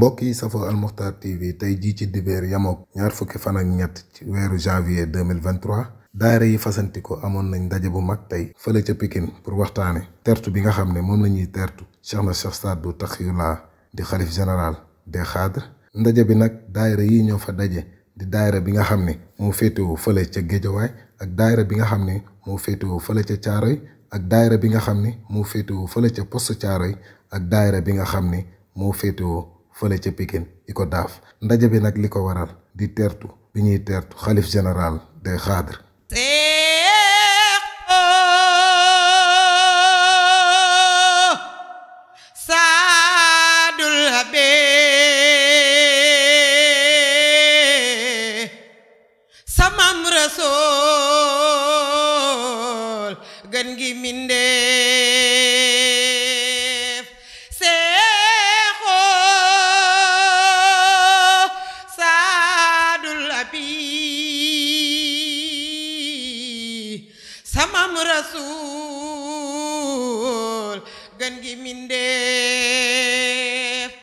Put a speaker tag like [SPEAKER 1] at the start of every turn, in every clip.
[SPEAKER 1] mbokk yi safoo almuxtaar tv tey jii ci dibeer yamook ñaar fukki fan ak ñett ci weeru janvier 2023 daayira yi fasantikoo amoon nañ ndaje bu mag tey fële ca Pikine pour waxtaane tertu bi nga xam ne moom la ñuy tertu Cheikh na Cheikh Sadbou Takhiyoulah di xalif général des xadre ndaje bi nag daayira yi ñoo fa daje di daayira bi nga xam ne moo féetewoo fële ca Géejawaay ak daayira bi nga xam ne moo féetewoo fële ca Caaroy ak daayira bi nga xam ne moo féetewoo fële ca poste Caaroy ak daayira bi nga xam ne moo féetewoo fële ca Pikine Ucodaf ndaje bi nag li ko waral di teertu bi ñuy teertu xalif général des Khadres
[SPEAKER 2] samam rasool gën gi mindee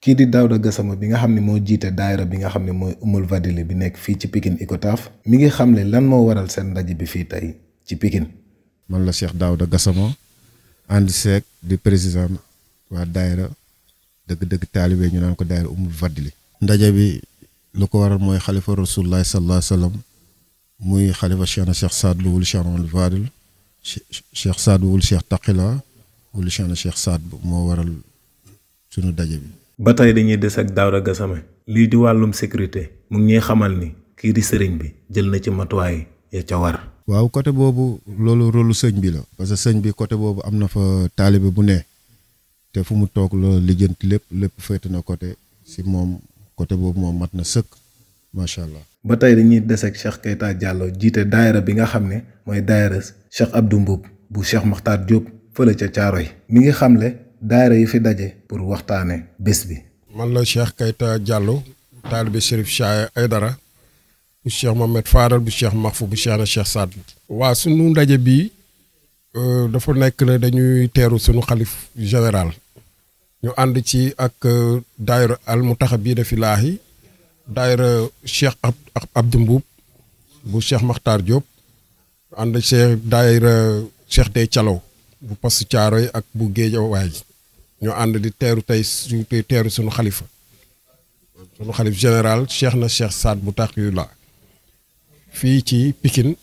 [SPEAKER 1] kii di Daouda Gassama bi nga xam ne moo jiite daayira bi nga xam ne mooy umul vadili bi nekk fii ci Pikine Icotaf mi ngi xam ne lan moo waral seen ndaje bi fii tey ci pikin man la Cheikh Daouda Gassama ànd seek di président waa daayira dëgg-dëgg taalibe ñu naan ko daayira umul vadili ndaje bi lu ko waral mooy xalifa rasulullahi sallallahu alayhi wa muy xalifa Cheikhna Cheikh Saad Bou wul Cheikh Mamadou Fadil Cheikh Saad wul Cheikh Taqila wul Cheikh Saad moo waral sunu daje bi. ba tey dañuy des ak Daouda Gassama lii di wàllum sécurité mu ngi xamal ni kii di sëriñ bi jël na ci matuwaay ya ca war. waaw côté boobu loolu rôle sëñ bi la parce que sëñ bi côté boobu am na fa taalibe bu ne te fu mu toog loolu lijjant lépp lépp féete na côté si moom côté boobu moom mat na sëkk macha allah. ba tey dañuy des ak Cheikh Keita Diallo jiite daayira bi nga xam ne mooy daayira Cheikh Abdou Mboub bu Cheikh Makhtar jóob fële ca caaro yi mi ngi xam xamle daayira yi fi daje pour
[SPEAKER 3] waxtaane bés bi man la Cheikh Kayta Diallo taalibe Chérif Cheikh Aydara bu Cheikh Mohamed Fadal bu Cheikh Mahfou bu Cheikh Cheikh Saad waa sunu ndaje bi euh, dafa nekk ne dañuy teeru sunu xalif général ñu ànd ci ak euh, daayira al mutaxabbiina fillaahi daayira Cheikh Abdou Mboub bu Cheikh Makhtar Diop ànd Cheikh daayira Cheikh Dey Calaw bu post Caaroy ak bu Géejawaay ñoo ànd di teeru tey su teeru suñu xalifa suñu xalif général Cheikh na Cheikh Saad bu tax yu la fii ci Pikine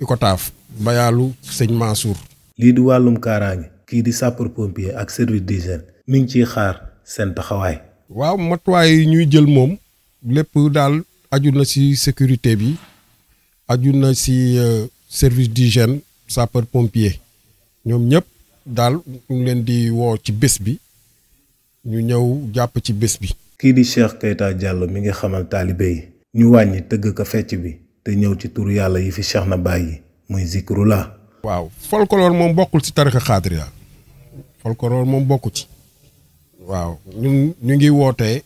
[SPEAKER 3] Ikotaaf bayaalu sëñ Mansour
[SPEAKER 1] lii di wàllum kaaraange kii di sapeur pompier ak service d'hygiène mi ngi ciy xaar seen taxawaay
[SPEAKER 3] waaw matuwaay yi ñuy jël moom lépp daal aju na si sécurité bi aju na ci euh, service d'hygiène sapeur pompier ñoom ñëpp daal ñu ngi leen di woo ci bés bi ñu ñëw jàpp ci bés bi.
[SPEAKER 1] kii di Cheikh Keita Diallo mi ngi xamal taalibe yi ñu wàññi tëgg ko fecc bi te ñëw ci turu yàlla yi fi Cheikh na bàyyi
[SPEAKER 3] muy zikrullah. waaw folklore moom bokkul ci tarixa xaadiriya folklore moom bokku ci. waaw ñun ñu ngi wootee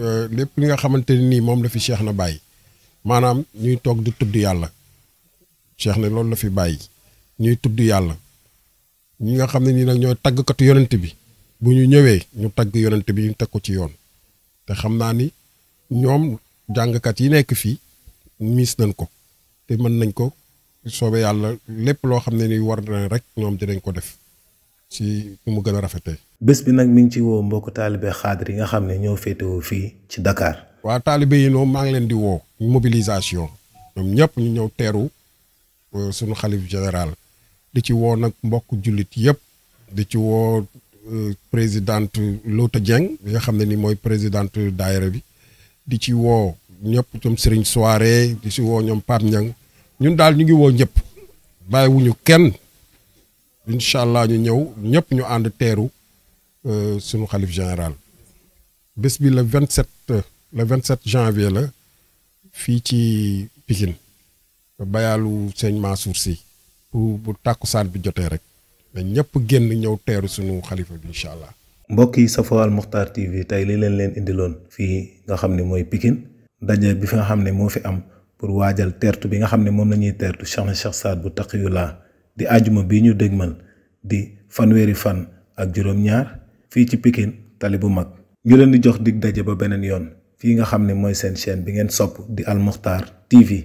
[SPEAKER 3] euh, lépp li nga xamante nii moom la fi Cheikh na bàyyi maanaam ñuy toog di tudd yàlla. cheikh ne loolu la fi bàyyi ñuy tudd yàlla ñi nga xam ne nii nag ñooy taggkatu yonent bi bu ñu ñëwee ñu tagg yonent bi ñu teg ko ci yoon te xam naa ni ñoom jàngkat yi nekk fii miis nañ ko te mën nañ ko soobee yàlla lépp loo xam ne nii war na rek ñoom di dinañ ko def ci ñu mu gën a rafetee. bés bi nag mi ngi ci wow mbokk taalibe xaadir yi nga xam ne ñoo féetewoo fii ci Dakar. waa taalibe yi noonu maa ngi leen di woo mobilisation ñoom ñëpp ñu ñëw teeru Euh, sunu xalif général di ci woo nag mbokk jullit yëpp di ci woo euh, présidente Louta Dieng bi nga xam ne ni mooy présidente daayira bi di ci woo ñëpp ñoom Serigne Soare di ci woo ñoom Pape Niang ñun daal ñu ngi woo ñëpp bàyyiwuñu kenn incha allah ñu ñëw ñëpp ñu ànd teeru euh, sunu xalif général bés bi le 27 le 27 janvier la fii ci Pikine bayaalu sëñ Mansour si bu bu tàkkusaan bi jotee rek mais ñëpp génn ñëw teeru sunu xalifa bi incha allah.
[SPEAKER 1] mbokk yi safoo Al Moukhtar TV tey li leen leen indiloon fii nga xam ne mooy Pikine daje bi nga xam ne moo fi am pour waajal teertu bi nga xam ne moom la ñuy teertu Cheikhna Cheikh Saad bu Taqiyullah di ajuma bi ñu dégmal di fanweeri fan ak juróom-ñaar fii ci pikin tali bu mag ñu leen di jox dig daje ba beneen yoon fii nga xam ne mooy seen chaîne bi ngeen sopp di Al Moukhtar TV.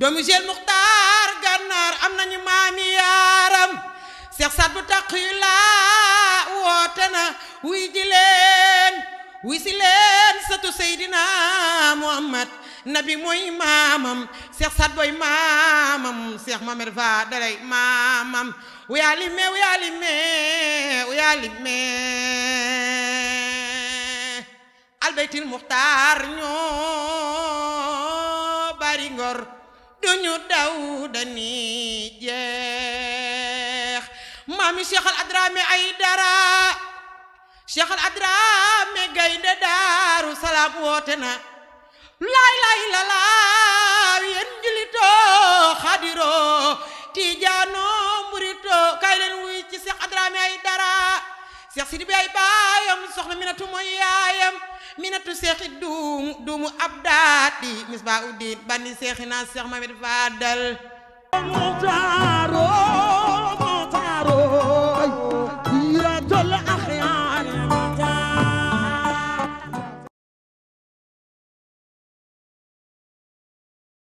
[SPEAKER 2] doomu Cheikh Muxtaar gànnaar am nañu maami yaaram Cheikh Saad bu Taqiyu laa woote na ji leen wuy si leen sëtu Seydina Muhammad nabi mooy maamam Cheikh Saad booy maamam Cheikh Mamer va dalay maamam uyaalime uyaalime uyaalime albaytil muxtaar ñoo bari ngor duñu daw dani jeex maami Cheikh Al Adraame ay dara Cheikh Al Adraame gaynde daaru salaam laay laay la laa yéen julitoo xadiroo Seex Sidi bi ay baayam soxna Minatu mooy yaayam Minatu seexi duumu duumu abdaati misbaa uddin bandi seexi naa Seex Mamadu Faadal